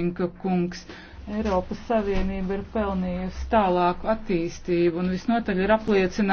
Inka kungs, Eiropas Savienība ir pelnījusi tālāku attīstību un visnotaļ ir apliecināta.